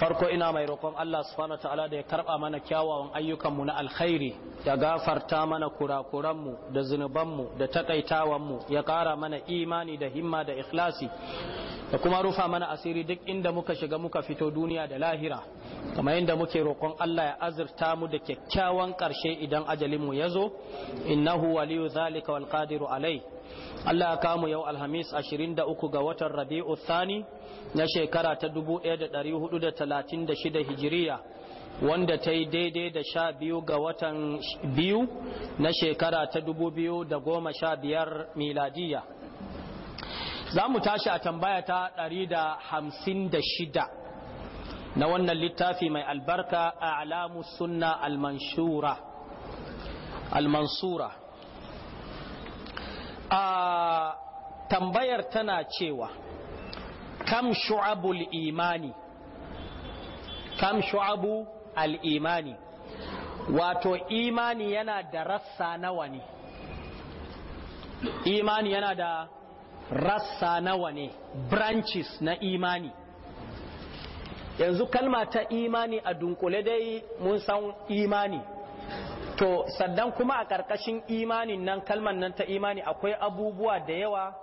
farko ina mai roƙon Allah subhanahu ta'ala da ya karɓa mana kyawawan ayyukanmu na alkhairi ya gafarta mana kurakuranmu da zunubanmu da takaitawanmu ya ƙara mana imani da himma da ikhlasi da kuma rufa mana asiri duk inda muka shiga muka fito duniya da lahira kamar yadda muke roƙon Allah ya azurta mu da kyakkyawan ƙarshe idan ajalinmu ya zo innahu waliyu zalika wal qadiru alai Allah ya kamu yau Alhamis 23 ga watan Rabi'u Thani na shekara ta 1436 Hijiriya wanda ta yi daidai da sha biyu ga watan biyu na shekara ta 2015 Miladiyya. Za mu tashi a tambaya ta 156 na wannan littafi mai albarka a alamu sunna almansura. a tambayar tana cewa kam shu'abul imani kam shu'abu al-imani wato imani yana da rassa nawa ne imani yana da rassa nawa ne branches na imani yanzu kalma ta imani a dunkule dai mun san imani to sannan kuma a ƙarƙashin imanin nan kalman nan ta imani akwai abubuwa da yawa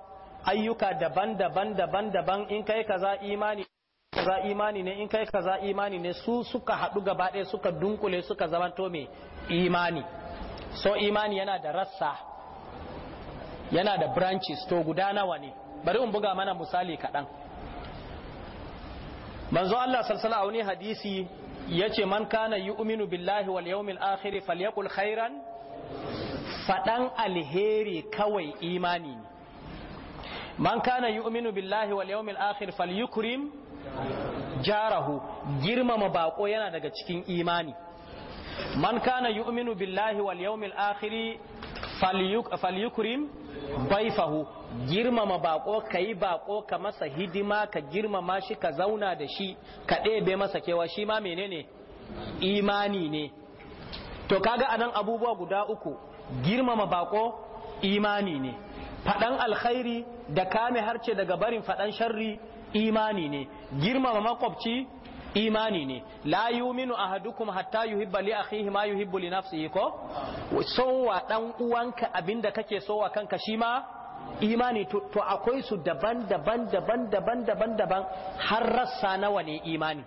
ayyuka daban-daban daban-daban in kai kaza imani kaza imani ne in kai kaza imani ne su suka haɗu gaba ɗaya suka dunkule suka zamanto me imani so imani yana da rassa yana da branches to guda nawa ne bari in buga mana misali kaɗan manzo Allah sallallahu alaihi hadisi yace man kana yu'minu billahi wal yawmil akhir falyaqul khairan fadan alheri kawai imani ne man kana yu'minu billahi wal yawmil akhir falyukrim jarahu girmama bako yana daga cikin imani man kana yu'minu billahi wal yawmil akhir falyukrim baifahu. girmama bako ka yi bako ka masa hidima ka girmama shi ka zauna da shi ka ɗebe masa kewa shi ma menene imani ne to kaga anan abubuwa guda uku girmama bako imani ne faɗan alkhairi da kame harce daga barin faɗan sharri imani ne girmama makwabci imani ne la yuminu ahadukum hatta yuhibba li akhihi ma yuhibbu li nafsihi ko so wa dan uwanka abinda kake so wa kanka shi ma imani to akwai su daban daban daban daban daban daban har rassa nawa ne imani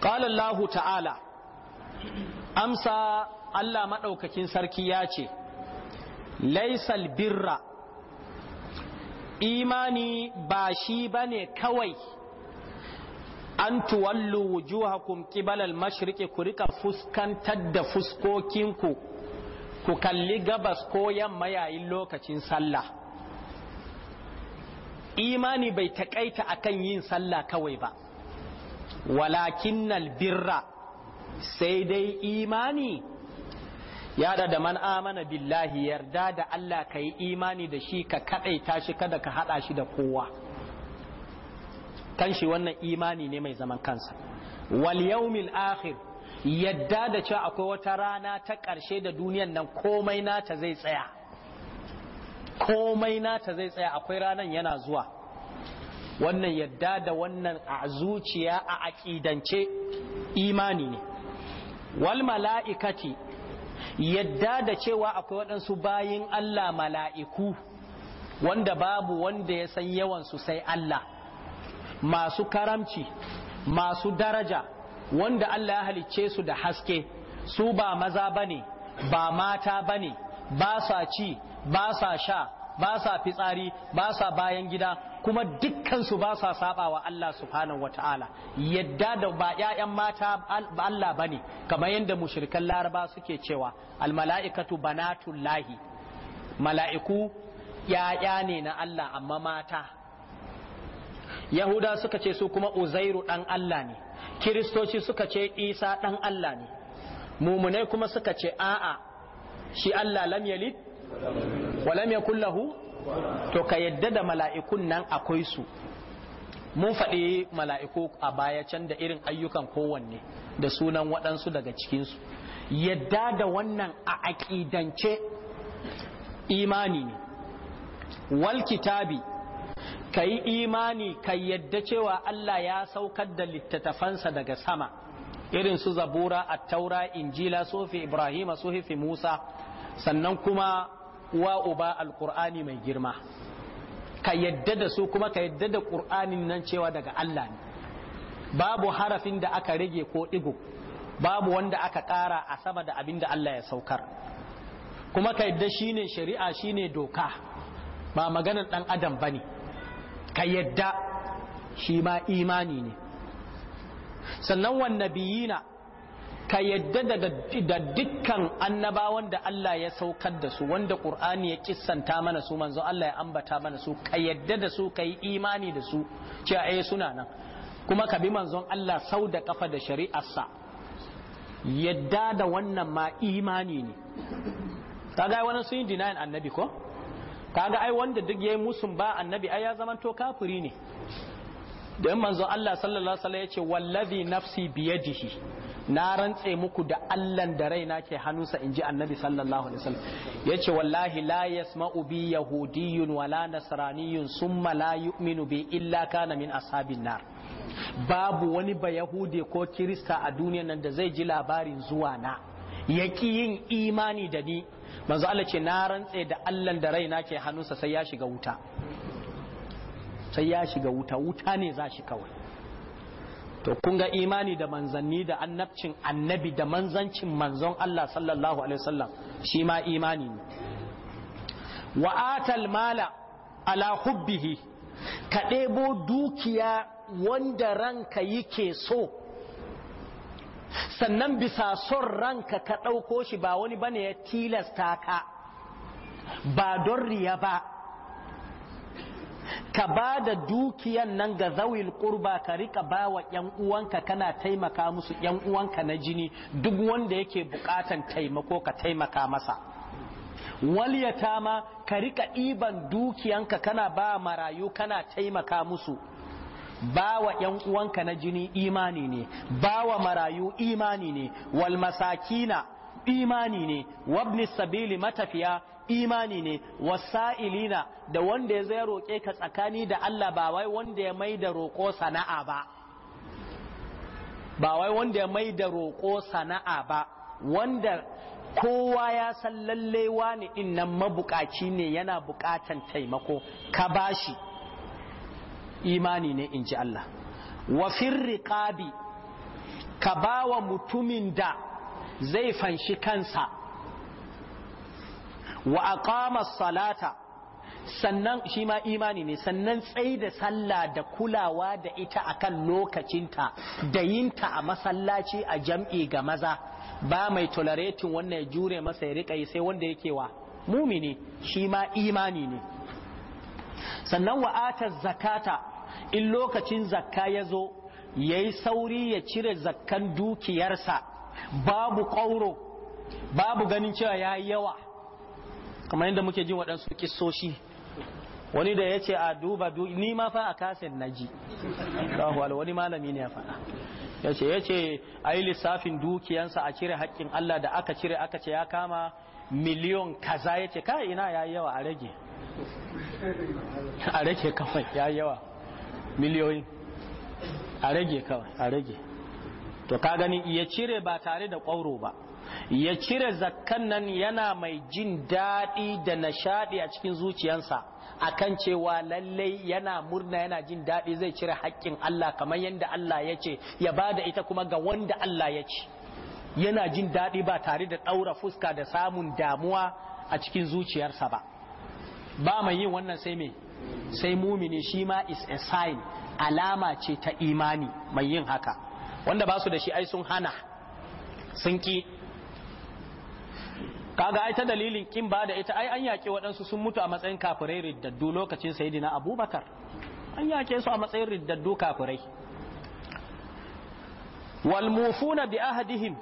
qala Allah ta'ala amsa Allah madaukakin sarki ya ce laisal birra imani ba shi bane kawai an tuwallu wujuhakum qibala al-mashriqi ku rika fuskantar da fuskokinku ku kalli gabas ko yamma yayin lokacin sallah imani bai taƙaita akan yin sallah kawai ba walakin birra sai dai imani yada da man amana billahi yarda da Allah ka yi imani da shi ka kaɗaita shi kada ka haɗa shi da kowa kan shi wannan imani ne mai zaman kansa wal yawmil akhir yadda da cewa akwai wata rana ta ƙarshe da duniyan nan komai nata zai tsaya komai nata zai tsaya akwai ranan yana zuwa wannan yadda da wannan a zuciya a aƙidance imani ne wal mala'ikati yadda da cewa akwai waɗansu bayin Allah mala'iku wanda babu wanda ya san yawan su sai Allah masu karamci masu daraja wanda Allah ya halicce su da haske su ba maza bane ba mata bane ba sa ci ba sa sha ba sa fitsari ba sa bayan gida kuma dukkan su ba sa saba Allah subhanahu wataala yadda da ba ƴaƴan mata Allah bane kamar yadda mushrikan laraba suke cewa al almala'ikatu banatullahi mala'iku ƴaƴa ne na Allah amma mata yahuda suka ce su kuma uzairu dan Allah ne kiristoci suka ce isa dan Allah ne mumunai kuma suka ce a'a shi Allah lam yalid wa lam yakul lahu to ka yadda da mala'ikun nan akwai su mun faɗi mala'iku a baya can da irin ayyukan kowanne da sunan waɗansu daga cikinsu yadda da wannan a aƙidance imani ne wal kitabi ka yi imani ka yadda cewa Allah ya saukar da littattafansa daga sama irin su zabura attaura injila sufi ibrahima sufi musa sannan kuma wa uba alkur'ani mai girma ka yadda da su kuma ka yadda da qur'anin nan cewa daga Allah ne babu harafin da aka rage ko ɗigo babu wanda aka ƙara a sama da abin da Allah ya saukar kuma ka yadda shine shari'a shine doka ba maganar ɗan adam ba ne. ka yadda shi ma imani ne sannan wannabiyina ka yadda da dukkan annabawan da Allah ya saukar da su wanda ƙur'ani ya kissanta mana su manzo Allah ya ambata mana su ka yadda da su ka yi imani da su cewa eh, suna nan kuma ka bi manzon Allah sau da kafa da shari'arsa yadda da wannan ma imani ne kaga wani sun yi denying annabi ko kaga ai wanda duk yayi musun ba annabi ai ya zamanto kafiri ne dan manzo Allah sallallahu alaihi wasallam yace wallazi nafsi biyadihi na rantse muku da Allahn da raina ke hannunsa inji annabi sallallahu alaihi wasallam yace wallahi la yasma'u bi yahudiyyun wala nasraniyyun summa la yu'minu bi illa kana min ashabin nar babu wani ba yahude ko kirista a duniyar nan da zai ji labarin zuwa na yaki yin imani da ni manzo Allah ce na rantse da Allah da raina ke hannunsa sai ya shiga wuta sai ya shiga wuta wuta ne za shi kawai to kun ga imani da manzanni da annabcin annabi da manzancin manzon Allah sallallahu alaihi wasallam shi ma imani ne wa atal mala ala hubbihi ka ɗebo dukiya wanda ranka yake so sannan bisa son ranka ka ɗauko shi ba wani bane ya tilasta ka ba don riya ba ka ba da dukiyan nan ga zawil ƙurba ka rika ba wa ‘yan uwanka kana taimaka musu ‘yan uwanka na jini duk wanda yake buƙatan taimako ka taimaka masa waliyata ma ka rika ɗiban dukiyanka kana ba marayu kana taimaka musu ba wa ‘yan uwanka na jini imani ne, ba wa marayu imani ne, wal masakina imani ne, wabni sabili matafiya imani ne, wasa'ilina da wanda ya zai roƙe ka tsakani da Allah ba wai wanda ya mai da roƙo sana'a ba. Ba wai wanda ya mai da roƙo sana'a ba, wanda kowa ya san lallewa ne innan mabukaci ne yana bukatan taimako, ka bashi. imani ne in ji Allah wa riqabi ka ba wa mutumin da zai fanshi kansa wa aqama salata sannan shi ma imani ne sannan tsaye da sallah da kulawa da ita akan lokacinta da yinta a masallaci a jam'i ga maza ba mai tolerating wannan ya jure masa ya rika yi sai wanda yake wa mumini shi ma imani ne sannan wa'atar zakata in lokacin zakka ya zo ya yi sauri ya cire zakkan dukiyarsa babu ƙauro babu ganin cewa ya yi yawa kamar yadda muke jin waɗansu kisoshi wani da ya ce a duba ni ma fa a kasin naji wani malami ne ya faɗa ya ce ya ce a yi lissafin dukiyansa a cire haƙƙin Allah da aka cire aka ce ya kama miliyon kaza ya ce kai ina ya yawa a rage a rage kawai ya yawa miliyoyi a rage kawai a rage to ka gani ya cire ba tare da kwauro ba ya cire zakkan nan yana mai jin daɗi da nishaɗi a cikin zuciyansa akan cewa lallai yana murna yana jin daɗi zai cire haƙƙin Allah kamar yadda Allah ya ce ya ba da ita kuma ga wanda Allah ya ce yana jin daɗi ba tare da ɗaura fuska da samun damuwa a cikin zuciyarsa ba ba mai yin wannan sai mai sai mumini shi ma is a sign alama ce ta imani mai yin haka wanda ba su da shi ai sun hana sun ki kaga ai ta dalilin kin ba da ita ai an yaƙi waɗansu sun mutu a matsayin kafirai riddaddu lokacin sayidina abubakar an yaƙe su a matsayin riddaddu kafirai walmufuna bi ahadihim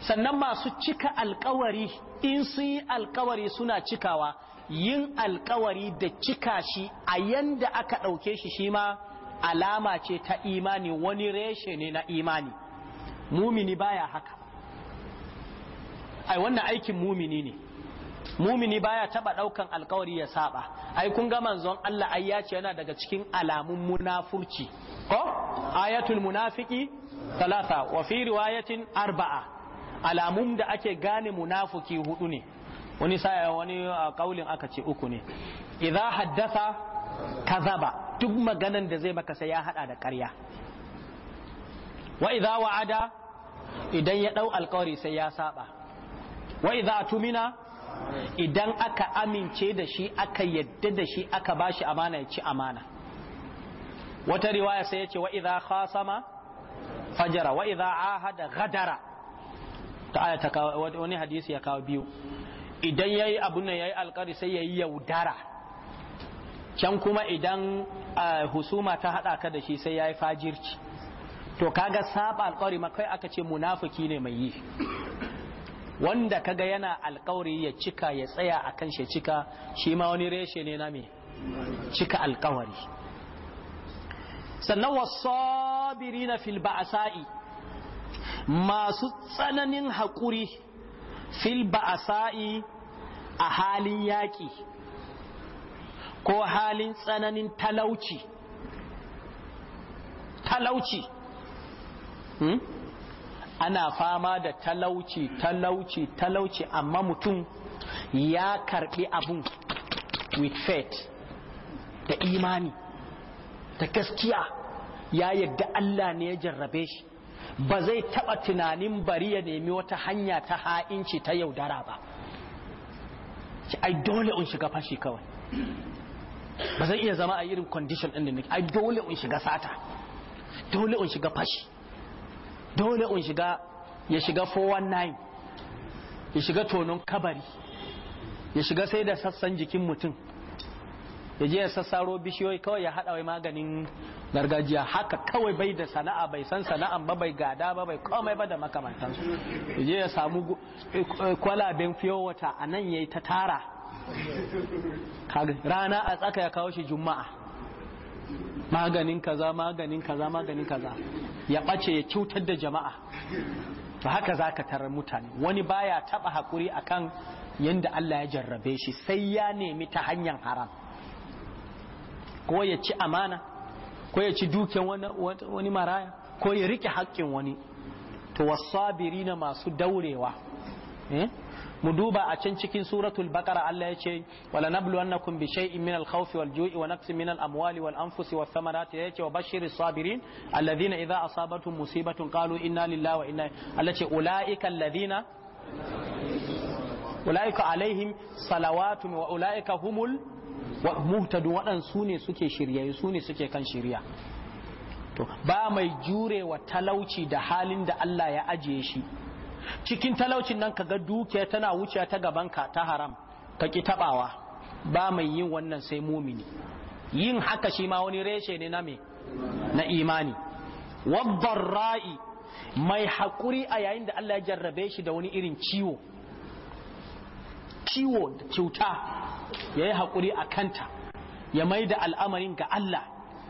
sannan masu cika alƙawari in sun yi alkawari suna cikawa yin alkawari da cika shi a yanda aka ɗauke shi shi ma alama ce ta imani wani reshe ne na imani mumini baya haka ai wannan aikin mumini ne mumini baya taba ɗaukan alkawari ya saba ai kun ga manzon Allah ai ya ce yana daga cikin alamun munafurci ko ayatul munafiki talata wa fi riwayatin arba'a alamun da ake gane munafiki hudu ne wani sa wani kaulin aka ce uku ne idza haddasa kazaba duk maganan da zai maka sai ya hada da ƙarya wa idza wa'ada idan ya dau alkawari sai ya saba wa idza tumina idan aka amince da shi aka yadda da shi aka bashi amana ya ci amana wata riwaya sai ya ce wa idza khasama fajara wa idza ahada ghadara ta wani hadisi ya kawo biyu idan ya yi yayi nan ya yi alkari sai ya yi yaudara can kuma idan husuma ta haɗa ka da shi sai ya yi fajirci to kaga saba alkawari makai aka ce munafiki ne mai yi wanda kaga yana alkawari ya cika ya tsaya a kan shi cika shi ma wani reshe ne na me cika alkawari sannan wasabiri na fil sa'i masu tsananin haƙuri fil sa'i. a halin yaƙi ko halin tsananin talauci talauci hmm? ana fama da talauci talauci talauci amma mutum ya karɓi abun with faith da imani da gaskiya ya yadda Allah ne ya jarrabe shi ba zai taɓa tunanin bari ya nemi wata hanya ta ha'inci ta yaudara ba ce ai dole in shiga fashi kawai ba zan iya zama a irin condition ɗin da nake ai dole in shiga sata dole in shiga fashi dole in shiga ya shiga 419 ya shiga tonon kabari ya shiga sai da sassan jikin mutum ya je ya sassaro bishiyoyi kawai ya haɗa wai maganin gargajiya haka kawai bai da sana'a bai san sana'an ba bai gada ba bai komai ba da makamantansu ya je ya samu eh, eh, kwalaben fiyo a nan ya yi ta tara rana a tsaka ya kawo shi juma'a maganin kaza maganin kaza maganin kaza ya ɓace ya cutar da jama'a to haka za ka tarar mutane wani baya taɓa haƙuri akan yadda Allah ya jarrabe shi sai ya nemi ta hanyar haram ko ya ci amana ko ya ci duken wani maraya ko ya rike haƙƙin wani to wasabiri na masu daurewa eh? mu duba a can cikin suratul baqara Allah ya ce wala nabluwannakum bi shay'in min al-khawf wal ju'i wa naqsin min al-amwali wal anfusi was samarati yace wa bashiris sabirin alladhina idza asabatuhum musibatun qalu inna lillahi wa inna Allah ce ulaika alladhina ulaika alaihim salawatun wa ulaika humul muhtadu waɗansu su ne suke shiryayi su ne suke kan shirya ba mai jurewa talauci da halin da Allah ya ajiye shi cikin talaucin nan kaga dukiya tana wuce ta gabanka ta haram ka ki tabawa ba mai yin wannan sai mumini yin haka shi ma wani reshe ne na me na imani wabbar ra'i mai haƙuri a yayin da Allah ya jarrabe shi da wani irin ciwo ciwo da cuta ya yi haƙuri a kanta ya mai da al'amarin ga Allah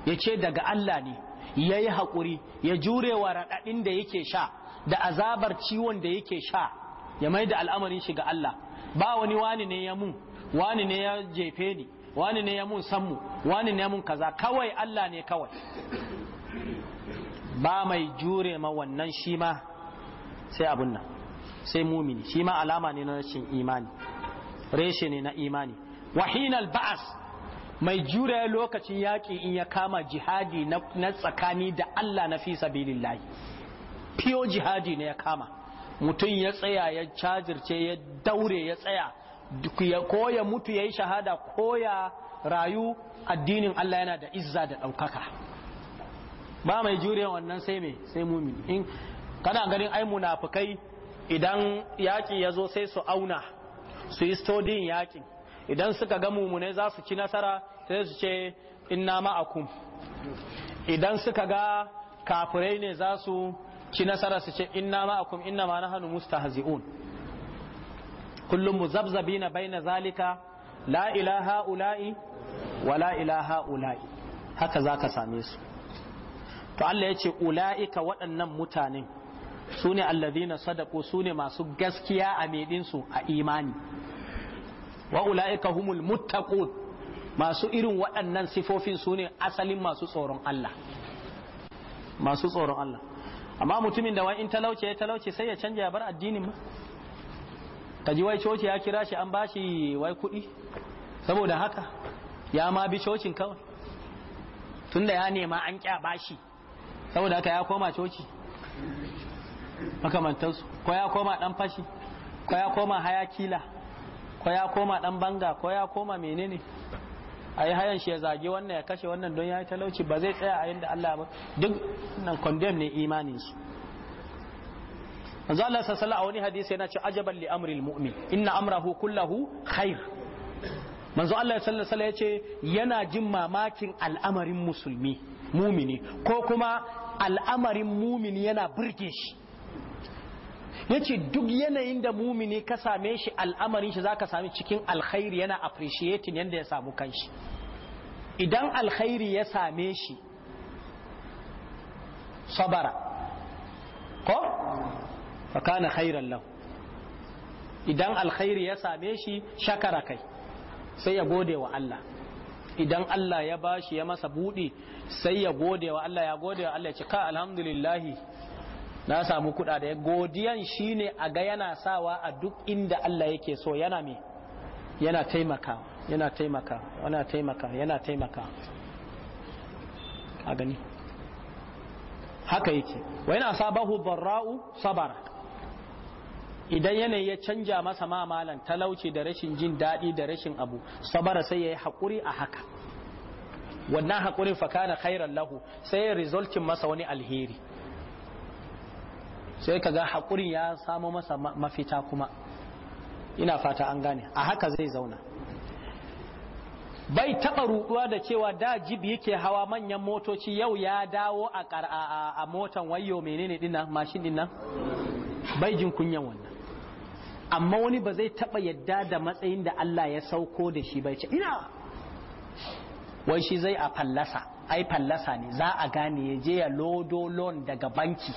ya ce daga Allah ne ya yi haƙuri ya jurewa raɗaɗin da yake sha da azabar ciwon da yake sha ya mai da al'amarin shi ga Allah ba wani wani ne ya mun wani ne ya jefe ni wani ne ya mun sammu wani ne ya mun kaza kawai Allah ne kawai ba mai jure ma wannan shi ma sai abun nan sai mumini shi ma alama ne na rashin imani reshe ne na imani wahinal ba'as mai jure lokacin yaƙi in ya kama jihadi na tsakani da Allah na fi sabilillahi fiyo jihadi ne ya kama mutum ya tsaya ya cajirce ya daure ya tsaya ko ya mutu ya yi shahada ko ya rayu addinin Allah yana da izza da ɗaukaka ba mai jure wannan sai mai sai mumini in kana ganin ai munafukai idan yaƙi ya zo sai su auna su yi stodin yaƙin idan suka ga mumune za su ci nasara sai su ce inna ma'akum idan suka ga kafirai ne za su ci nasara su ce inna ma'akum inna ma nahnu mustahzi'un kullum muzabzabina baina zalika la ilaha ula'i wa la ilaha ula'i haka zaka same su to Allah ya ce ula'ika waɗannan mutanen su ne allazina sadaku su ne masu gaskiya a medinsu a imani wa ula'ika humul muttaqun masu irin waɗannan sifofin su ne asalin masu tsoron Allah masu tsoron Allah amma mutumin da wani in talauce ya talauce sai ya canja ya bar addinin ma ta ji wai coci ya kira shi an bashi wai kuɗi saboda haka ya ma bi cocin kawai tunda ya nema an kya bashi saboda haka ya koma coci makamantansu ko ya koma dan fashi ko ya koma hayakila ko ya koma dan banga ko ya koma menene Ayi yi hayan shi ya zage wannan ya kashe wannan don ya yi talauci ba zai tsaya a yadda Allah ba duk nan condemn ne imanin su manzo Allah sallallahu a wani hadisi yana ce ajaban li amril mu'min inna amrahu kullahu khair manzo Allah sallallahu alaihi yace yana jin mamakin al'amarin musulmi mumini ko kuma al'amarin mumini yana burge shi yace duk yanayin da mumini ka same shi al'amarin shi za ka sami cikin alkhairi yana appreciating yadda ya samu kanshi idan alkhairi ya same shi sabara ko fa kana khairan lahu idan alkhairi ya same shi shakara kai sai ya gode wa Allah idan Allah ya bashi ya masa buɗi, sai ya gode wa Allah ya gode wa Allah ya ce ka alhamdulillahi na samu kuɗaɗe godiyan shine a ga yana sawa a duk inda Allah yake so yana me yana taimaka yana taimaka yana taimaka yana taimaka a gani haka yake wa yana sabahu barra'u sabara idan yanayi ya canja masa ma talauci da rashin jin daɗi da rashin abu sabara sai yayi yi haƙuri a haka wannan haƙurin fakana khairan lahu sai ya resultin masa wani alheri sai ga haƙurin ya samo masa mafita kuma ina fata an gane a haka zai zauna bai taɓa ruɗuwa da cewa da jib yake hawa manyan motoci yau ya dawo a a motan wayo menene dinnan mashin dinnan bai jin kunyan wannan amma wani ba zai taɓa yadda da matsayin da Allah ya sauko da shi bai ce ina wai shi zai a fallasa ai fallasa ne za a gane ya je ya lodo loan daga banki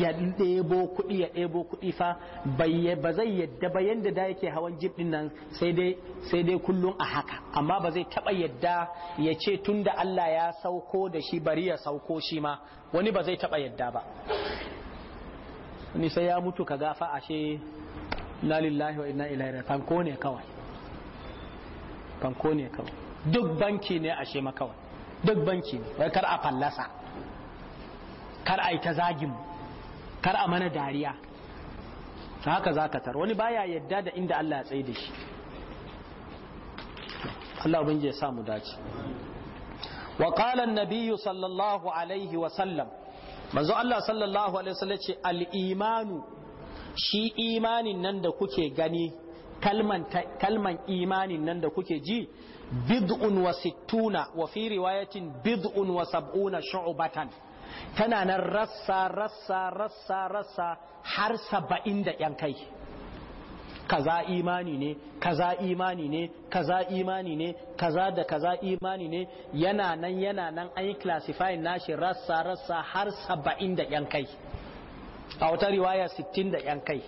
ya ɗebo kuɗi ya ɗebo kuɗi fa ba zai yadda ba yadda da yake hawan jib din nan sai dai kullum a haka amma ba zai taɓa yadda ya ce tun da Allah ya sauko da shi bari ya sauko shi ma wani ba zai taɓa yadda ba Nisa sai ya mutu ka gafa ashe la lillahi wa inna ilaihi fanko ne kawai fanko ne kawai duk banki ne ashe ma kawai duk banki ne wai kar a fallasa kar a yi ta zagin mu kar a mana dariya ta haka za ka tar wani baya yadda da inda Allah ya tsaye da shi Allah ubangiji ya samu dace wa qala an sallallahu alaihi wa sallam manzo Allah sallallahu alaihi wasallam ce al-imanu shi imanin nan da kuke gani kalman kalman imanin nan da kuke ji bid'un wa sittuna wa fi riwayatin bid'un wa sab'una shu'batan tana nan rassa rassa rassa rassa har saba'in da yan kai kaza imani ne kaza imani ne kaza imani ne kaza da kaza imani ne yana nan yana nan an yi classifying nashi rassa rassa har saba'in da yan kai a wata riwaya sittin da yan kai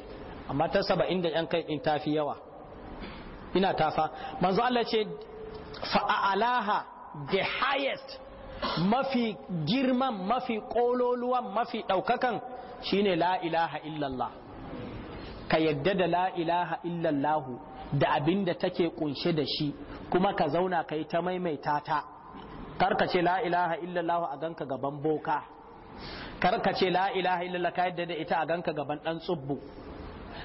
amma ta saba'in da yan kai in tafi yawa ina tafa manzo Allah ce fa'alaha the highest mafi girman mafi ƙololuwan mafi ɗaukakan shine la ilaha illallah ka yadda da la ilaha illallahu da abin da take kunshe da shi kuma ka zauna ka yi ta maimaita ta karkace la ilaha illallahu a ganka gaban boka karkace la ilaha illallah ka yadda da ita a ganka gaban dan tsubbu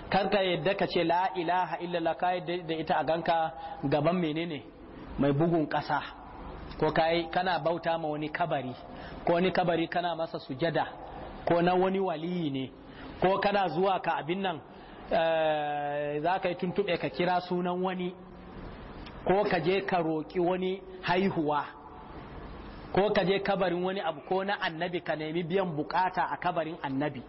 karka yadda ka ce la ilaha illallah ka yadda da ita a ganka gaban menene mai bugun ƙasa ko kai kana bauta ma wani kabari ko wani kabari kana masa sujada ko na wani waliyi ne ko kana zuwa ka abin nan eh, za ka yi tuntuɓe ka kira sunan wani ko ka je ka roƙi wani haihuwa ko ka je kabarin wani abu ko na annabi ka nemi biyan bukata a kabarin annabi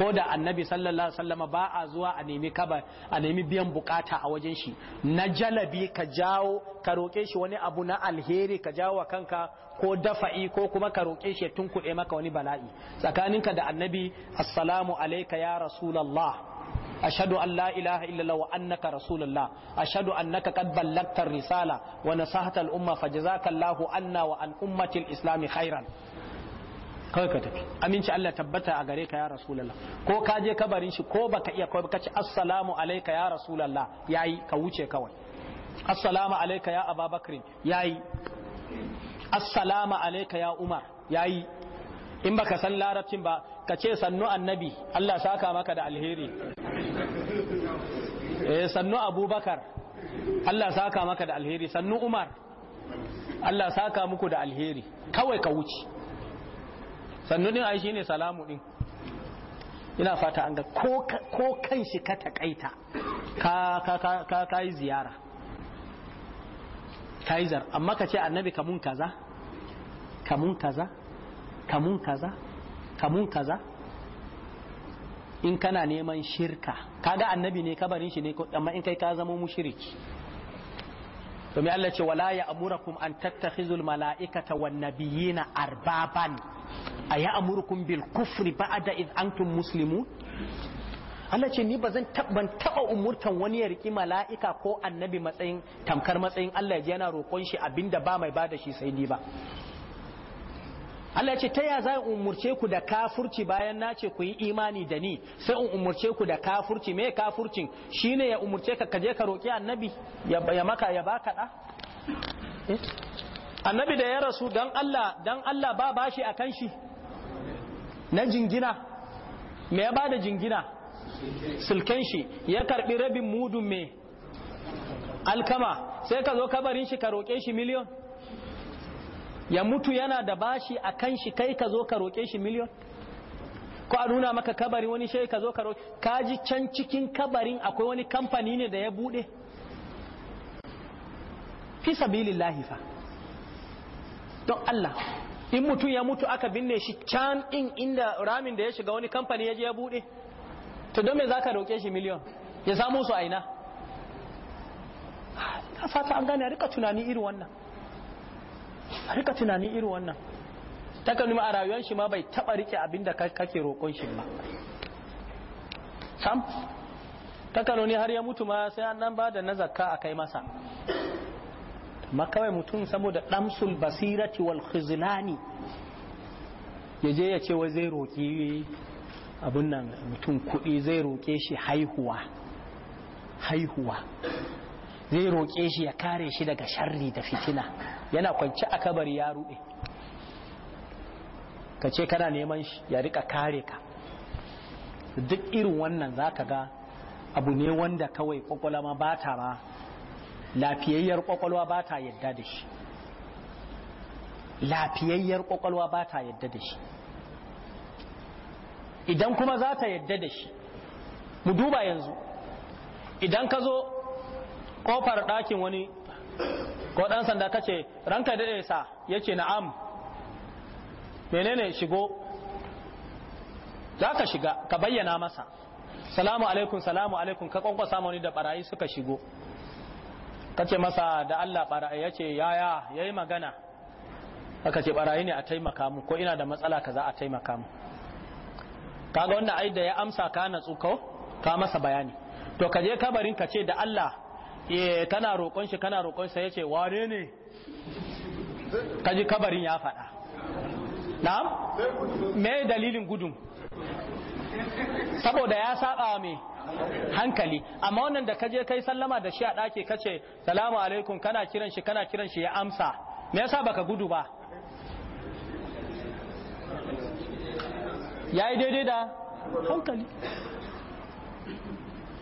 ko da annabi sallallahu alaihi wasallam ba a zuwa a nemi kaba a nemi biyan bukata a wajen shi na jalabi ka jawo ka roƙe shi wani abu na alheri ka jawo wa kanka ko dafa'i ko kuma ka roƙe shi tun kuɗe maka wani bala'i tsakaninka da annabi assalamu alayka ya rasulullah ashhadu an la ilaha illallah wa annaka rasulullah ashhadu annaka qad ballagta risala wa nasahta al-umma fajazaka Allahu anna wa an ummati islam khairan kawai ka tafi aminci Allah tabbata a gare ka ya rasulallah ko ka je kabarin shi ko baka iya kawai ka ci assalamu alayka ya ya yayi ka wuce kawai assalamu alayka ya ya yayi assalamu alayka ya umar yayi in baka san larabcin ba ka ce sannu annabi Allah saka maka da alheri eh sannu abubakar Allah saka maka da alheri sannu umar Allah saka muku da alheri kawai ka wuce sannu din ai shine salamu din ina fata an ga ko kan shi ka takaita ka ka ka yi ziyara ka amma ka ce annabi kamun kaza kamun kaza kamun kaza kamun kaza in kana neman shirka kaga annabi ne kabarin shi ne amma in kai ka zama mushriki to mai Allah ce wala ya amurakum an tattakhizul mala'ikata wan nabiyina arbaban aya amurukum bil kufri ba'da id antum muslimun Allah ce ni bazan zan ban taba umurtan wani ya riki mala'ika ko annabi matsayin tamkar matsayin Allah ya yana roƙon shi abinda ba mai bada shi sai ni ba Allah ce ta ya za in umurce ku da kafurci bayan na ce ku yi imani da ni sai in umurce ku da kafurci me kafurcin shine ya umurce ka kaje ka roki annabi ya maka ya baka da eh? annabi da ya rasu dan Allah dan Allah ba bashi akan shi na jingina me ya bada jingina silken shi ya karbi rabin mudun me alkama sai ka zo kabarin shi ka roke shi miliyon ya mutu yana da bashi a kan shi kai ka zo ka roƙe shi miliyon ko a nuna maka kabari wani shai ka zo ka roƙe ka can cikin kabarin akwai wani kamfani ne da ya buɗe fi sabilin fa don Allah in mutum ya mutu aka binne shi can in inda ramin da ya shiga wani kamfani ya je ya buɗe to don me za ka roƙe shi miliyon ya samu su aina ka ah, fata an gane rika tunani irin wannan rika tunani iri wannan ma a rayuwar shi ma bai taba rike abin da kake roƙon shi ba sam takan ne har ya mutu ma sai an ba da na zakka a kai masa amma kawai mutum saboda damsul basirati wal khizlani ya je ya ce wai zai roƙi abun nan mutum kuɗi zai roƙe shi haihuwa haihuwa zai roƙe shi ya kare shi daga sharri da fitina yana kwanci a kabari ya ruɗe ka ce kana neman shi ya rika kare ka duk irin wannan za ka ga abu ne wanda kawai kwakwalwa ba ta ba lafiyayyar kwakwalwa ba ta yadda da shi lafiyayyar kwakwalwa ba ta yadda da shi idan kuma za ta yadda da shi mu duba yanzu idan ka zo kofar ɗakin wani ko ɗan sanda ka ce ranka daɗe sa ya ce na'am menene shigo za ka shiga ka bayyana masa salamu alaikum salamu alaikum ka kwankwasa wani da barayi suka shigo ka ce masa da Allah barayi ya ce yaya ya yi magana aka ce barayi ne a taimaka mu ko ina da matsala ka za a taimaka mu kaga wanda ai da ya amsa ka natsu ko ka masa bayani to ka je kabarin ka ce da Allah Eh, kana roƙon shi kana roƙon sa yace wane ne kaji kabarin ya faɗa na'am me dalilin gudun saboda ya saba me hankali amma wannan da kaje kai sallama da shi a ɗaki kace salamu alaikum kana kiran shi kana kiran shi ya amsa me yasa baka gudu ba yayi daidai da hankali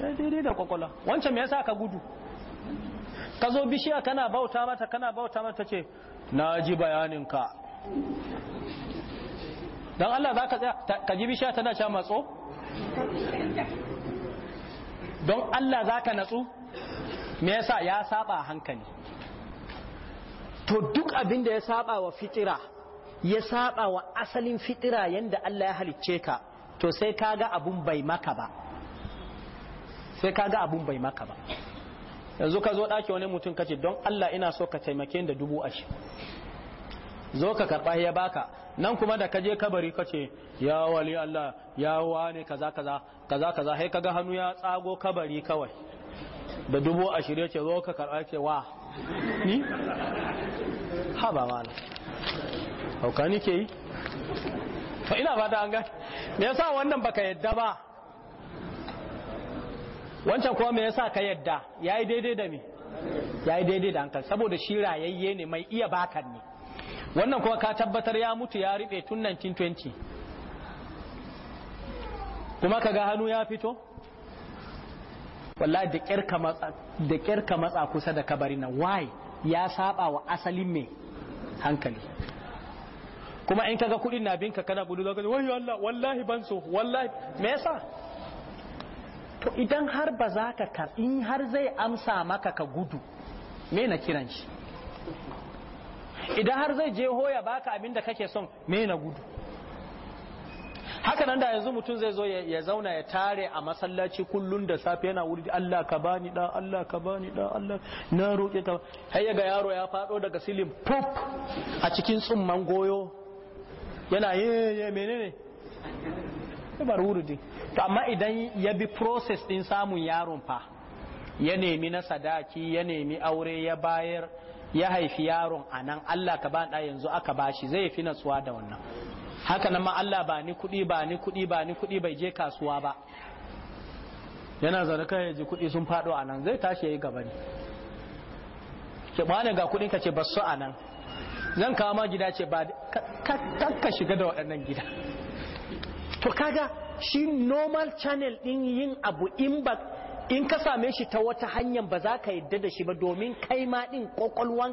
yayi daidai da kwakwalwa wancan me yasa ka gudu ka zo bishiya kana bauta mata kana bauta mata ce na ji bayaninka don Allah za ka tsaya ka ji bishiya tana sha matso don Allah za ka natsu me yasa ya saba hankali to duk abin da ya saba wa fitira ya saba wa asalin fitira yadda Allah ya halicce ka to sai kaga abun bai maka ba sai kaga abun bai maka ba yanzu ka zo ɗaki wani mutum kace don Allah ina so ka taimake da dubu ashirin zo ka karɓa ya baka nan kuma da ka je kabari ka ce ya wali Allah ya wane kaza kaza kaza kaza sai kaga hannu ya tsago kabari kawai da dubu ashirin ce zo ka karɓa ce wa ni ha ba mana hauka ke yi fa ina fata an ga me yasa wannan baka yadda ba wancan kuma me yasa ka yadda ya yi daidai da mi ya yi daidai da hankali saboda shi rayayye ne mai iya bakan ne wannan kuma ka tabbatar ya mutu ya riɓe tun 1920 kuma ka ga hannu ya fito wallahi da ƙirka matsa kusa da kabari na why ya saba wa asalin mai hankali kuma in kaga kudin na binka kana gudu zaka wallahi ban so wallahi me yasa to idan har ba za ka kar in har zai amsa maka ka gudu me na kiran shi idan har zai je hoya baka abin da kake son me na gudu Hakanan da yanzu mutum zai zo ya zauna ya tare a masallaci kullum da safe yana wuri Allah ka bani da Allah ka bani da Allah na roƙe ka har ya ga yaro ya fado daga silin pop a cikin tsumman goyo yana ye menene wurudi to amma idan ya bi process din samun yaron fa ya nemi na sadaki ya nemi aure ya bayar ya haifi yaron a nan Allah ka ba da yanzu aka bashi zai fi natsuwa da wannan haka nan ma Allah ba ni kuɗi ba ni kuɗi ba ni kuɗi bai je kasuwa ba yana zaune kai ya ji kuɗi sun faɗo a nan zai tashi ya yi gaba ne ke bane ga kuɗin ka ce basu a nan zan kawo ma gida ce ba ka shiga da waɗannan gida to kaga shi normal channel din yin abu in ba in ka same shi ta wata hanyar ba za ka yadda da shi ba domin kai ma din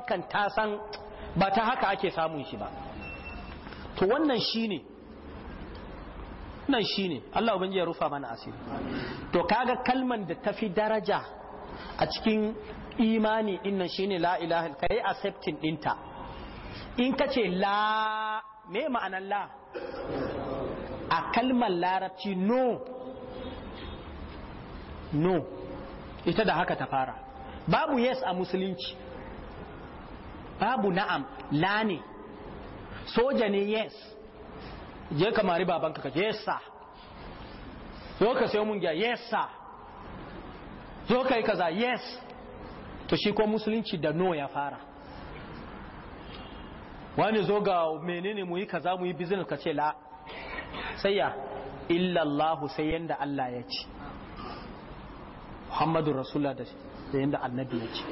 kan ta san ba ta haka ake samun shi ba to wannan shi wannan nan ne Allah ubangiji ya rufa mana asiri to kaga kalman da tafi daraja a cikin imani din nan shine la ilaha illa kai accepting dinta in ka ce la me ma'anar la a kalmar larabci no no ita da haka ta fara babu yes a musulunci babu na'am la ne soja ne yes je kamari babanka ka yes sir zo ka sai mun ga yes sir zo ka kaza yes to shi ko musulunci da no ya fara wani zo ga menene mu yi kaza mu yi business ka ce la sayya illa illallahu sai yanda Allah ya ce Muhammadu Rasulullah da yanda annabi ya ce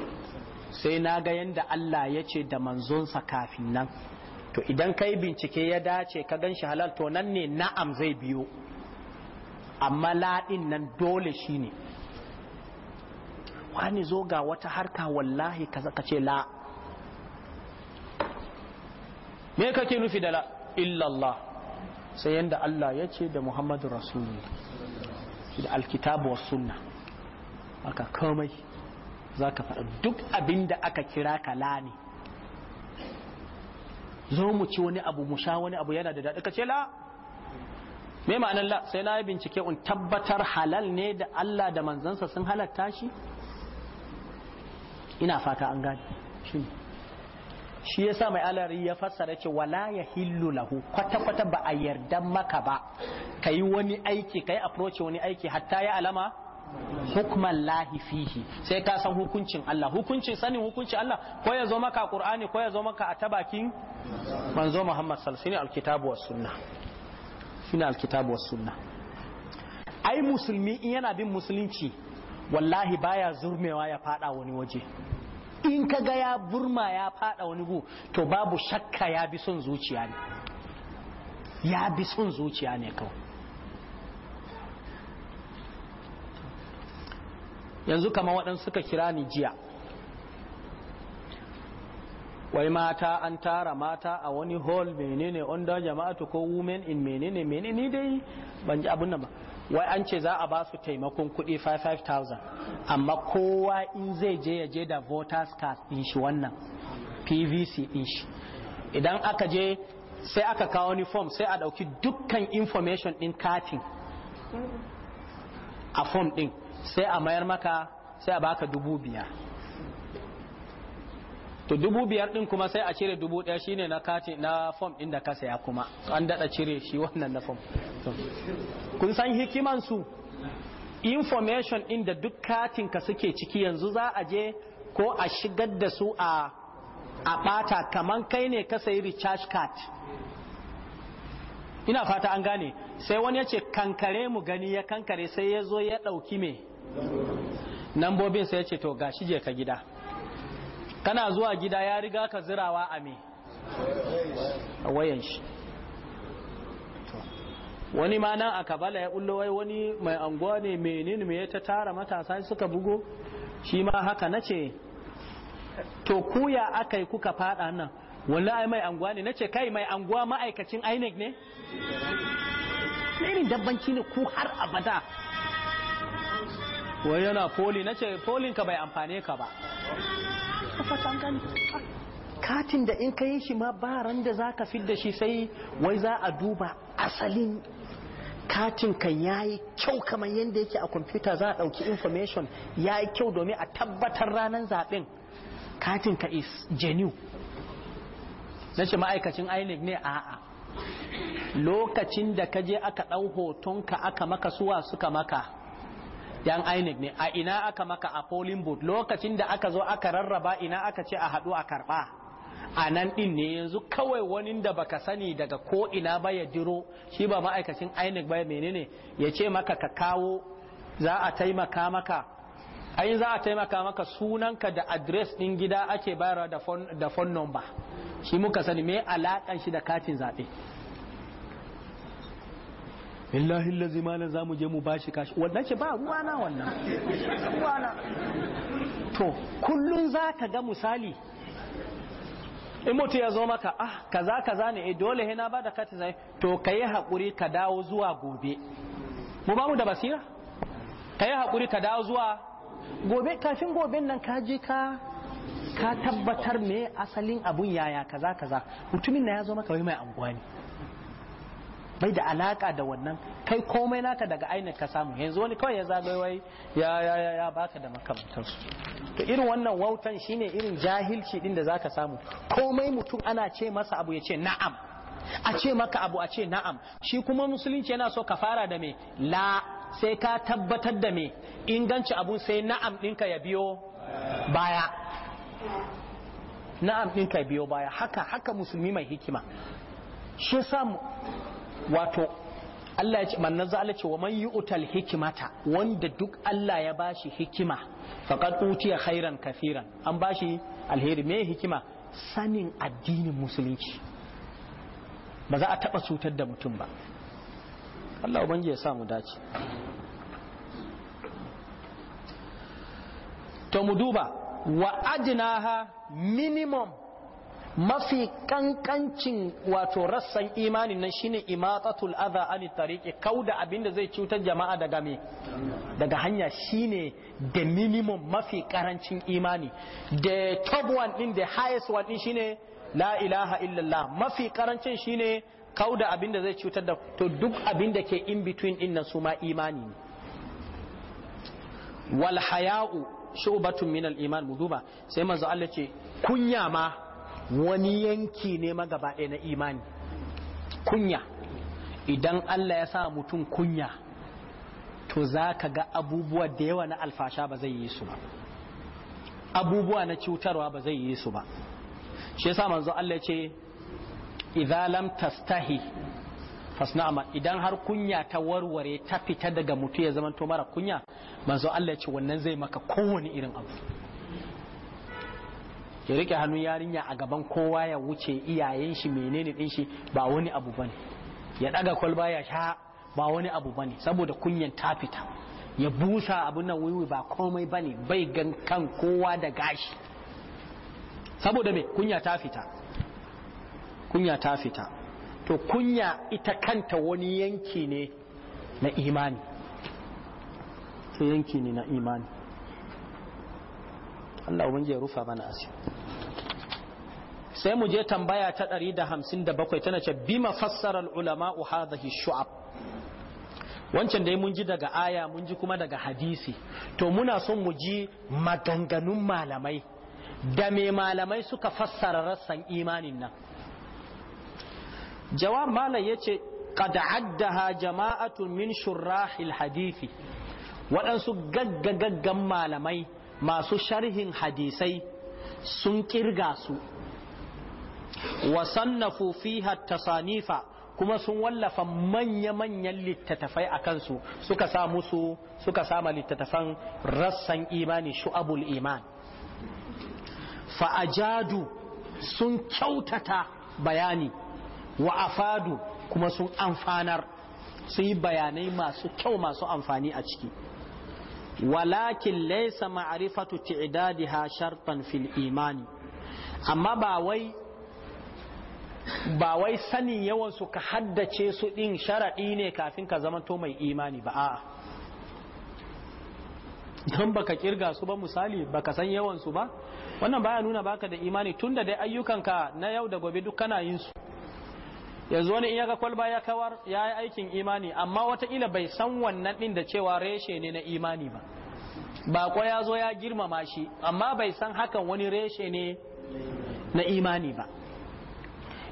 sai na ga yanda Allah ya ce da manzonsa kafin nan to idan kai bincike ya dace ka gan shi halal to nan ne na'am zai biyo amma laɗin nan dole shi ne wani zo ga wata harka wallahi ka ce la me kake nufi da la illallah sai yanda Allah ya ce da Muhammadu Rasulu da alkitabu wa sunna aka komai za ka faɗa duk abin da aka kira kala ne zo mu ci wani abu mu sha wani abu yana da daɗi ka ce la me ma'anar la sai na yi bincike in tabbatar halal ne da Allah da manzansa sun halatta shi ina fata an gane shi ne shi ya sa mai alari ya fassara ce wala ya hillu lahu kwata kwata ba a yarda maka ba ka yi wani aiki ka yi approach wani aiki hatta ya alama hukman lahi fihi sai ka san hukuncin Allah hukuncin sanin hukuncin Allah ko ya zo maka a Qur'ani ko ya zo maka a tabakin manzo Muhammad sallallahu alaihi alkitabu was shine alkitabu was ai musulmi in yana bin musulunci wallahi baya zurmewa ya fada wani waje in ka ga ya burma ya fada wani gu to babu shakka ya bi son zuciya ne ya bi son zuciya ne kawai yanzu kama waɗansu suka kira ni jiya wai mata an tara mata a wani hall menene jama'a jama'atu ko women in menene menene dai ban ji abin nan ba wai an ce za a ba su taimakon kuɗi 5,000 amma kowa in zai je ya je da voters card din shi wannan pvc din shi idan aka je sai aka kawo ni form sai a ɗauki dukkan information din katin a form din sai a mayar maka sai a baka dubu biyar to dubu biyar din kuma sai a cire dubu ɗaya shine na kati na fom din ka saya kuma an daɗa cire shi wannan na fom kun san hikiman su information din da duk katin ka suke ciki yanzu za a je ko a shigar da su a a ɓata kaman kai ne ka sayi recharge card ina fata an gane sai wani ya ce kankare mu gani ya kankare sai ya zo ya ɗauki me nambobin sai ya ce to gashi je ka gida kana zuwa gida ya riga ka zirawa a me a wayan shi wani ma nan a kabala ya bullo wai wani mai anguwa ne menin me ya ta tara matasa suka bugo shi ma haka nace to kuya akai kuka fada nan wallahi mai anguwa ne nace kai mai anguwa ma'aikacin INEC ne irin dabbanci ne ku har abada wai yana poli nace polin ka bai amfane ka ba gani katin da in ka yi shi ma ba ran da za ka da shi sai wai za a duba asalin katin kan ya yi kyau kamar yadda yake a kwamfuta za a ɗauki information ya yi kyau domin a tabbatar ranar zaɓen katin ka is genuine na ce ma'aikacin inec ne a lokacin da ka je aka ɗau ka aka maka suwa suka maka yan INEC ne a ina aka maka a polling booth lokacin da aka zo aka rarraba ina aka ce a haɗu a karba. a nan ɗin ne yanzu kawai wani da baka sani daga ko ina ba ya jiro shi ba ma'aikacin INEC ba ya menene ya ce maka ka kawo za a taimaka maka ai za a taimaka maka sunanka da adres ɗin gida ake bayarwa da phone number shi muka sani me alakan shi da katin zaɓe illahi lazi malam za mu je mu bashi kashi wannan ce ba ruwana wannan ruwana to kullum za ka ga misali in mutu ya zo maka ah kaza kaza ne eh dole he na bada kati zai to ka yi ka dawo zuwa gobe mu ba mu da basira ka yi ka dawo zuwa gobe kafin gobe nan ka je ka ka tabbatar me asalin abun yaya kaza kaza mutumin na ya zo maka wai mai anguwa ne bai da alaka da wannan kai komai naka daga ainihin ka samu yanzu wani kawai ya zagaye wai ya ya ya ya baka da makamantansu to irin wannan wautan shine irin jahilci din da zaka samu komai mutum ana ce masa abu ya ce na'am a ce maka abu a ce na'am shi kuma musulunci yana so ka fara da me la sai ka tabbatar da me inganci abun sai na'am ɗinka ya biyo baya na'am ɗinka ya biyo baya haka haka musulmi mai hikima shi samu wato Allah ya ce manna za ce wa man yu'tal hikimata wanda duk Allah ya bashi hikima faqad utiya khairan kafiran an bashi alheri me hikima sanin addinin musulunci ba za a taba cutar da mutum ba Allah ubangi ya sa mu dace to mu duba wa ajnaha minimum mafi kankancin wato rassan imanin nan shine imatatul adha ani tariqi kauda abinda zai cutar jama'a daga me daga hanya shine the minimum mafi karancin imani the top one din the highest one din shine la ilaha illallah mafi karancin shine kauda abinda zai cutar da to duk abinda ke in between din nan su ma imani ne wal haya'u shubatun min al iman mu duba sai manzo Allah ce kunya ma wani yanki ne magaba ɗaya na imani kunya idan Allah ya sa mutum kunya to za ka ga abubuwa da yawa na alfasha ba zai yi su ba abubuwa na cutarwa ba zai yi su ba shi ya sa manzo Allah ya ce tastahi fasna'ama idan har kunya ta warware ta fita daga mutu ya zama to mara kunya manzo Allah ya ce wannan zai maka kowane irin abu ya rike hannun yarinya a gaban kowa ya wuce iyayen shi menene din shi ba wani abu bane ya daga kwalba ya sha ba wani abu bane saboda kunyan ta fita ya busa abun nan wiwi ba komai bane bai gan kan kowa da gashi saboda me kunya ta fita kunya ta fita to kunya ita kanta wani yanki ne na imani to yanki ne na imani Allah ubangiji ya rufa mana asiri sai mu je tambaya ta 157 tana ce bima fassara ulama hadhihi shu'ab wancan dai mun ji daga aya mun ji kuma daga hadisi to muna son mu ji maganganun malamai da me malamai suka fassara rassan imanin nan jawab malam yace qad addaha jama'atun min shurrahil hadisi waɗansu gagga-gaggan malamai masu sharhin hadisai sun kirga su wa sannafu fiha tasanifa kuma sun wallafa manya-manyan littattafai a kansu suka sa musu suka sama littattafan rassan imani shu'abul iman fa'ajadu sun kyautata bayani wa afadu kuma sun amfanar sun yi bayanai masu kyau masu amfani a ciki walakin laysa ma'rifatu ti'dadiha shartan fil imani amma ba wai ba wai sanin yawan su ka haddace su din sharadi ne kafin ka zamanto mai imani ba a'a don baka kirga su ba misali baka san yawan su ba wannan baya nuna baka da imani tunda dai ayyukanka na yau da gobe duk kana yin su yanzu wani in yaga kwalba ya kawar ya yi aikin imani amma wataƙila bai san wannan ɗin da cewa reshe ne na imani ba bako ya zo ya girmama shi amma bai san hakan wani reshe ne na imani ba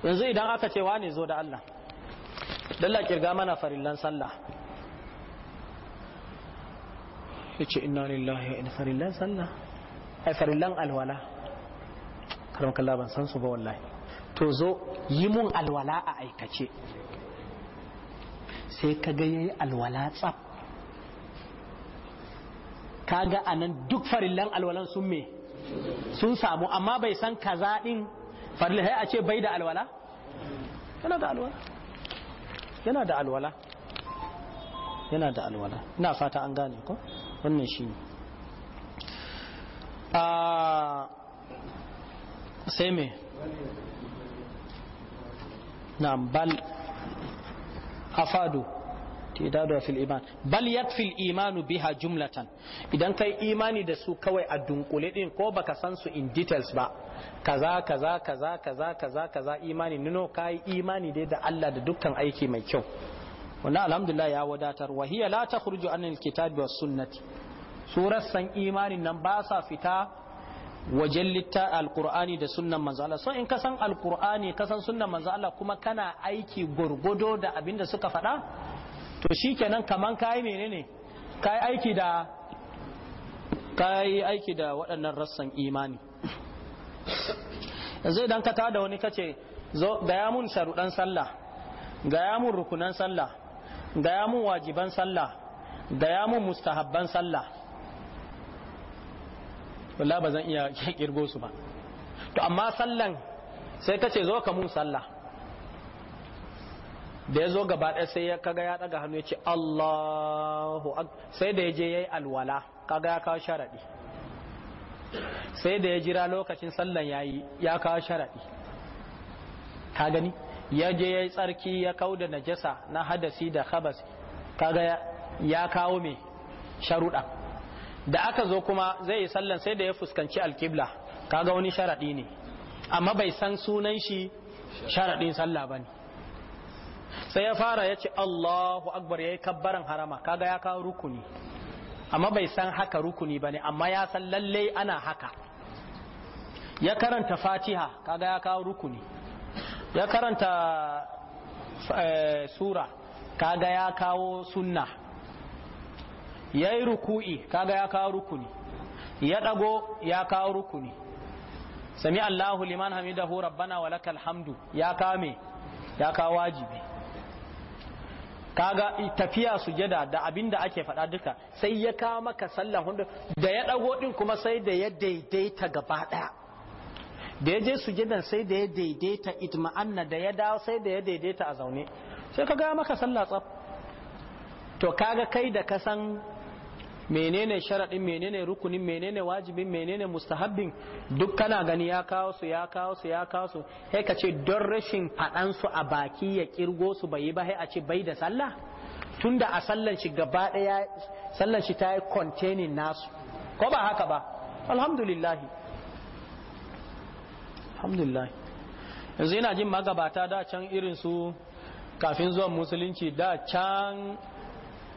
yanzu idan aka ce wane zo da Allah dalla kirga mana farillan sallah yace inna lillahi wa inna farillan sallah ai farillan alwala karamkallah ban san su ba wallahi to zo yi mun alwala a aikace sai ka ga yayi alwala tsaf kaga anan duk farillan alwalan sun me sun samu amma bai san kaza din farilla sai a ce bai da alwala yana da alwala yana da alwala yana da alwala ina fata an gane ko wannan shine a ah, sai me na'am bal afadu tidadu fil iman bal yakfi imanu biha jumlatan idan kayi imani da su kawai a dunkule din ko baka san su in details ba kaza kaza kaza kaza kaza kaza imani nuno imani dai da Allah da dukkan aiki mai kyau Wani alhamdulillah ya wadatar wa hiya la takhruju anil kitabi was sunnati surar san imanin nan ba sa fita wajen litta alkur'ani da sunnan manzo Allah so in ka san alkur'ani ka san sunnan manzo Allah kuma kana aiki gurgudo da abin da suka faɗa to shikenan kaman kai menene kai aiki da kai aiki da waɗannan rassan imani yanzu idan ka tada wani kace zo ga ya mun sharuɗan sallah ga ya mun rukunan sallah ga ya mun wajiban sallah ga ya mun mustahabban sallah wallah ba zan iya kirgo su ba to amma sallan sai ka ce zo ka mun salla da ya zo gaba ɗaya sai ya kaga ya ɗaga hannu ya ce Allahu sai da ya je ya yi alwala kaga ya kawo sharaɗi sai da ya jira lokacin sallan ya ya kawo sharaɗi ka gani ya je ya yi tsarki ya kau da najasa na hadasi da habas kaga ya kawo mai sharuɗa da aka zo kuma zai yi sallan sai da ya fuskanci alkibla kaga wani sharaɗi ne amma bai san sunan shi sharaɗin sallah ba ne sai ya fara ya ce allahu akbar ya yi kabbaran harama kaga ya kawo rukuni amma bai san haka rukuni ba ne amma ya san lallai ana haka ya karanta fatiha kaga ya kawo rukuni ya karanta eh, sura kaga ya kawo sunna ya yi ruku'i kaga ya kawo rukuni ya ɗago ya kawo rukuni sami Allahu liman hamidahu rabbana wa lakal hamdu ya kawo me ya kawo wajibi kaga tafiya su jada da abinda ake faɗa duka sai ya kawo maka sallah hundu da ya ɗago ɗin kuma sai da ya daidaita gaba ɗaya da ya je sujadan sai da ya daidaita itma'anna da ya dawo sai da ya daidaita a zaune sai ka gaya maka sallah tsaf to kaga kai da ka san menene sharaɗin menene rukunin menene wajibin menene mustahabbin duk kana gani ya kawo su ya kawo su ya kawo su sai ka ce don rashin faɗan su a baki ya kirgo su bai ba sai a ce bai da sallah tunda a sallan shi gaba ɗaya sallan shi ta yi containing nasu ko ba haka ba alhamdulillahi alhamdulillah yanzu yana jin magabata da can irin su kafin zuwa musulunci da can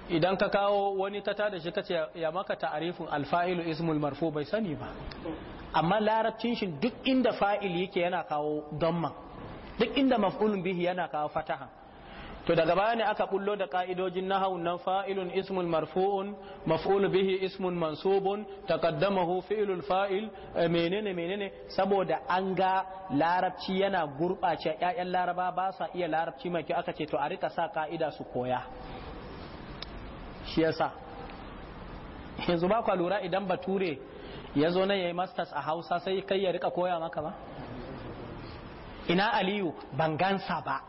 idan ka kawo wani ta tada shi kace ya maka ta'arifin alfa'ilu ismul marfu bai sani ba amma larabcin shi duk inda fa'il yake yana kawo damma duk inda maf'ulun bihi yana kawo fataha to daga baya ne aka bullo da ka'idojin nahawun nan fa'ilun ismul marfu'un maf'ul bihi ismun mansubun taqaddamahu fi'lul fa'il eh, menene menene saboda an ga larabci yana gurbace ƴaƴan laraba ba sa iya larabci mai kyau aka ce to a rika sa ka'ida su koya shi yasa yanzu ba kwa lura idan bature ya zo na yayi masters a hausa sai kai ya rika koya maka ba ina aliyu ban gansa ba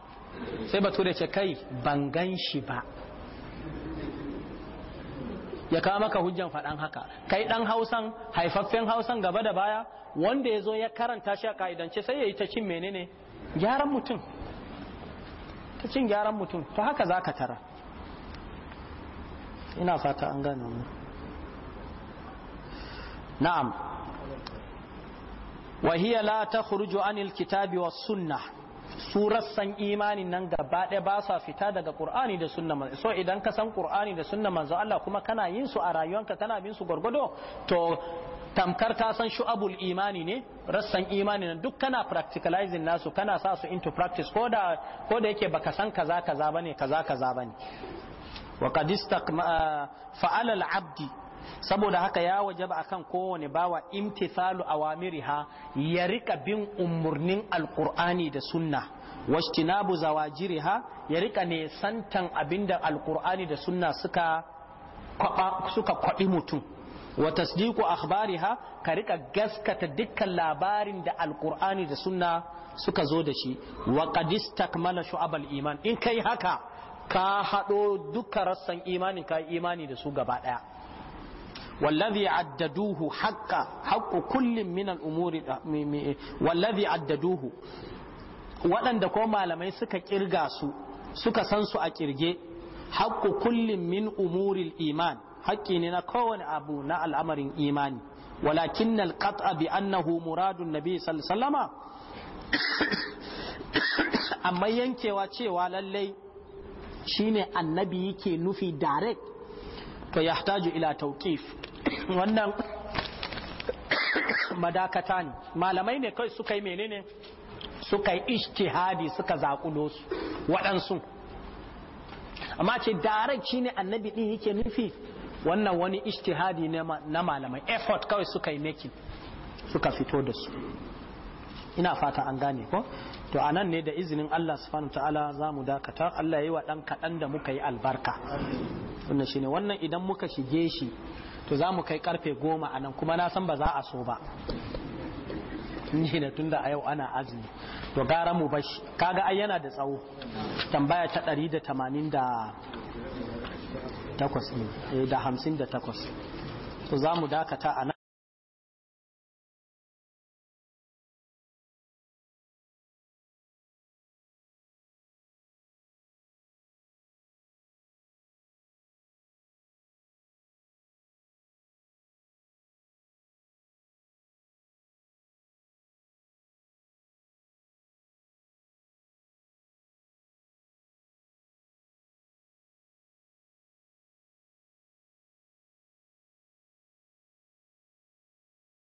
sai bature ce kai ban gan shi ba ya kawo maka hujjan faɗan haka kai ɗan hausan haifaffen hausan gaba da baya wanda ya zo ya karanta shi a ka'idance sai ya yi ta cin menene gyaran mutum ta cin gyaran mutum ta haka za ka tara ina fata an gane mu. na'am wa hiya la takhruju anil kitabi was sunnah surassan imanin nan gaba ɗaya ba sa fita daga qur'ani da sunna manzo so idan ka san qur'ani da sunna manzo Allah kuma kana yin su a rayuwarka kana bin su gwargwado to tamkar ka san shu'abul imani ne rassan imani nan duk kana practicalizing nasu kana sa su into practice ko da ko da yake baka san kaza kaza bane kaza kaza bane wa qad abdi saboda haka ya wajaba akan kowane bawa imtithalu awamiriha ya rika bin umurnin alkur'ani da sunna Zawajiri ha ya rika ne santan abinda alqur'ani da sunna suka kwaɗi mutum wa tasdiqu akhbariha ka rika gaskata dukkan labarin da alkur'ani da sunna suka zo da shi wa qad istakmala shu'abal iman in kai haka ka haɗo duka rassan imanin ka imani da su gaba ɗaya wallazi addaduhu haqqa haqqu kullin min al-umuri wallazi addaduhu waɗanda ko malamai suka kirga su suka san su a kirge haqqu kullin min umuril iman haƙƙi ne na kowane abu na al'amarin imani walakin al-qat'a bi annahu muradun nabi sallallahu alaihi wasallama amma yankewa cewa lallai shine annabi yake nufi direct to yahtaju ila tawqif wannan madakata ne malamai ne kai suka yi menene suka yi ijtihadi suka zakulo su waɗansu amma ce direct shine annabi din yake nufi wannan wani ijtihadi na malamai effort kawai suka yi making suka fito da su ina fata an gane ko to a nan ne da izinin Allah subhanahu ta'ala za mu dakata Allah yi wa ɗan kaɗan da muka yi albarka wannan shine wannan idan muka shige shi to za mu kai karfe goma a nan kuma na san ba za a so ba ne da tunda a yau ana azumi to gara mu bashi kaga ai yana da tsawo tambaya ta 188 da 58 eh, to za mu dakata a nan